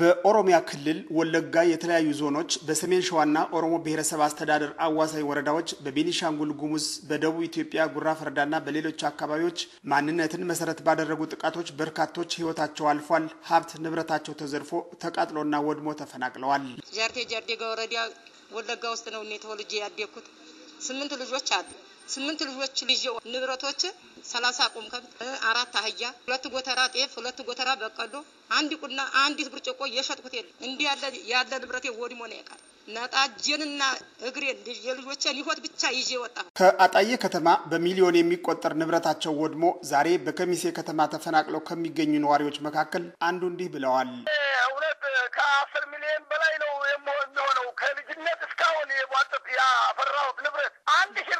በኦሮሚያ ክልል ወለጋ የተለያዩ ዞኖች በሰሜን ሸዋና ኦሮሞ ብሔረሰብ አስተዳደር አዋሳኝ ወረዳዎች በቤኒሻንጉል ጉሙዝ በደቡብ ኢትዮጵያ ጉራ ፈረዳና በሌሎች አካባቢዎች ማንነትን መሰረት ባደረጉ ጥቃቶች በርካቶች ሕይወታቸው አልፏል። ሀብት ንብረታቸው ተዘርፎ ተቃጥሎና ወድሞ ተፈናቅለዋል። ጃርቴ ጃርዴጋ ወረዳ ወለጋ ውስጥ ነው እኔ ተወልጄ ያደግኩት። ስምንት ልጆች አሉ። ስምንት ልጆች ልጅ ንብረቶች ሰላሳ ቁም ከብት፣ አራት አህያ፣ ሁለት ጎተራ ጤፍ፣ ሁለት ጎተራ በቀሎ፣ አንድ ቁና አንዲት ብርጭቆ የሸጥኩት የለ እንዲህ ያለ ያለ ንብረቴ ወድሞ ነው ያውቃል። ነጣጄንና እግሬን የልጆችን ይሆት ብቻ ይዤ ወጣ። ከአጣዬ ከተማ በሚሊዮን የሚቆጠር ንብረታቸው ወድሞ ዛሬ በከሚሴ ከተማ ተፈናቅለው ከሚገኙ ነዋሪዎች መካከል አንዱ እንዲህ ብለዋል። እውነት ከአስር ሚሊዮን በላይ ነው አሁን የቧጥት ያፈራሁት ንብረት አንድ ሺህ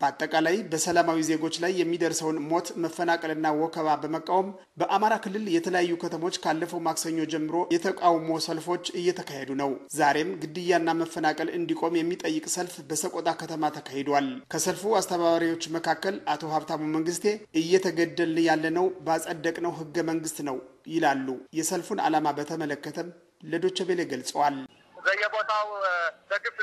በአጠቃላይ በሰላማዊ ዜጎች ላይ የሚደርሰውን ሞት፣ መፈናቀልና ወከባ በመቃወም በአማራ ክልል የተለያዩ ከተሞች ካለፈው ማክሰኞ ጀምሮ የተቃውሞ ሰልፎች እየተካሄዱ ነው። ዛሬም ግድያና መፈናቀል እንዲቆም የሚጠይቅ ሰልፍ በሰቆጣ ከተማ ተካሂዷል። ከሰልፉ አስተባባሪዎች መካከል አቶ ሀብታሙ መንግስቴ እየተገደል ያለነው ባጸደቅነው ህገ መንግስት ነው ይላሉ። የሰልፉን ዓላማ በተመለከተም ለዶቸቤሌ ገልጸዋል። በቦታው በግፍ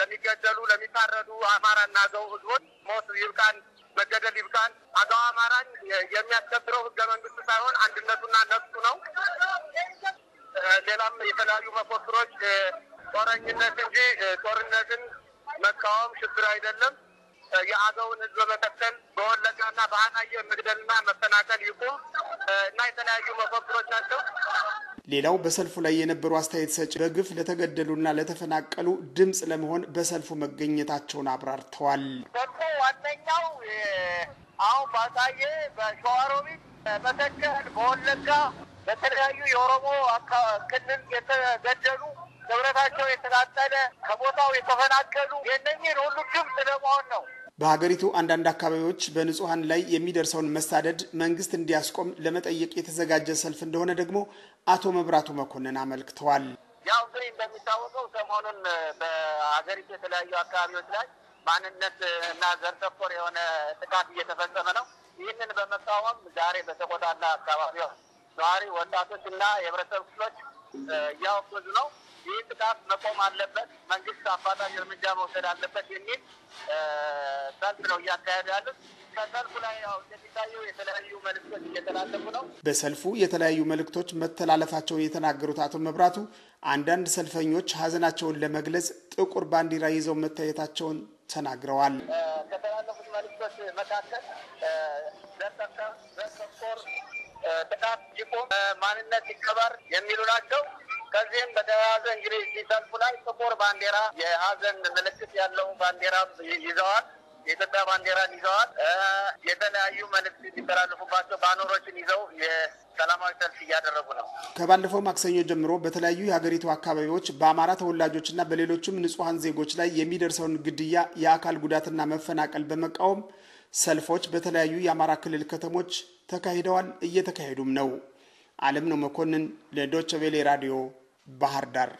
ለሚገደሉ ለሚታረዱ አማራና አገው ህዝቦች ሞት ይብቃን፣ መገደል ይብቃን። አገው አማራን የሚያስከብረው ህገ መንግስቱ ሳይሆን አንድነቱና ነፍሱ ነው። ሌላም የተለያዩ መፈክሮች ጦረኝነት እንጂ ጦርነትን መቃወም ሽብር አይደለም። የአገውን ህዝብ በመቀጠል በወለጋና በአጣዬ መግደልና መፈናቀል ይቁም እና የተለያዩ መፈክሮች ናቸው። ሌላው በሰልፉ ላይ የነበሩ አስተያየት ሰጪ በግፍ ለተገደሉና ለተፈናቀሉ ድምፅ ለመሆን በሰልፉ መገኘታቸውን አብራርተዋል። ሰልፉ ዋነኛው አሁን ባሳየ በሸዋሮቢት፣ መተከል፣ በወለጋ በተለያዩ የኦሮሞ ክልል የተገደሉ ንብረታቸው የተቃጠለ ከቦታው የተፈናቀሉ የነኝን ሁሉ ድምፅ ለመሆን ነው። በሀገሪቱ አንዳንድ አካባቢዎች በንጹሐን ላይ የሚደርሰውን መሳደድ መንግስት እንዲያስቆም ለመጠየቅ የተዘጋጀ ሰልፍ እንደሆነ ደግሞ አቶ መብራቱ መኮንን አመልክተዋል። ያው እንግዲህ እንደሚታወቀው ሰሞኑን በሀገሪቱ የተለያዩ አካባቢዎች ላይ ማንነት እና ዘር ተኮር የሆነ ጥቃት እየተፈጸመ ነው። ይህንን በመቃወም ዛሬ በሰቆጣና አካባቢዎች ነዋሪ ወጣቶች እና የህብረተሰብ ክፍሎች እያወገዙ ነው። ይህ ጥቃት መቆም አለበት፣ መንግስት አፋጣኝ እርምጃ መውሰድ አለበት የሚል ሰልፍ ነው እያካሄዱ ያሉት። ከሰልፉ ላይ ያው እንደሚታየው የተለያዩ መልእክቶች እየተላለፉ ነው። በሰልፉ የተለያዩ መልእክቶች መተላለፋቸውን የተናገሩት አቶ መብራቱ አንዳንድ ሰልፈኞች ሀዘናቸውን ለመግለጽ ጥቁር ባንዲራ ይዘው መታየታቸውን ተናግረዋል። ከተላለፉት መልእክቶች መካከል ጥቃት ይቁም፣ ማንነት ይከበር የሚሉ ናቸው። ከዚህም በተያያዘ እንግዲህ ሰልፉ ላይ ጥቁር ባንዲራ የሀዘን ምልክት ያለው ባንዲራ ይዘዋል። የኢትዮጵያ ባንዲራን ይዘዋል። የተለያዩ መልዕክት የሚተላለፉባቸው ባኖሮችን ይዘው የሰላማዊ ሰልፍ እያደረጉ ነው። ከባለፈው ማክሰኞ ጀምሮ በተለያዩ የሀገሪቱ አካባቢዎች በአማራ ተወላጆችና በሌሎችም ንጹሐን ዜጎች ላይ የሚደርሰውን ግድያ፣ የአካል ጉዳትና መፈናቀል በመቃወም ሰልፎች በተለያዩ የአማራ ክልል ከተሞች ተካሂደዋል፣ እየተካሄዱም ነው። አለም ነው መኮንን ለዶቸ ራዲዮ ባህር ዳር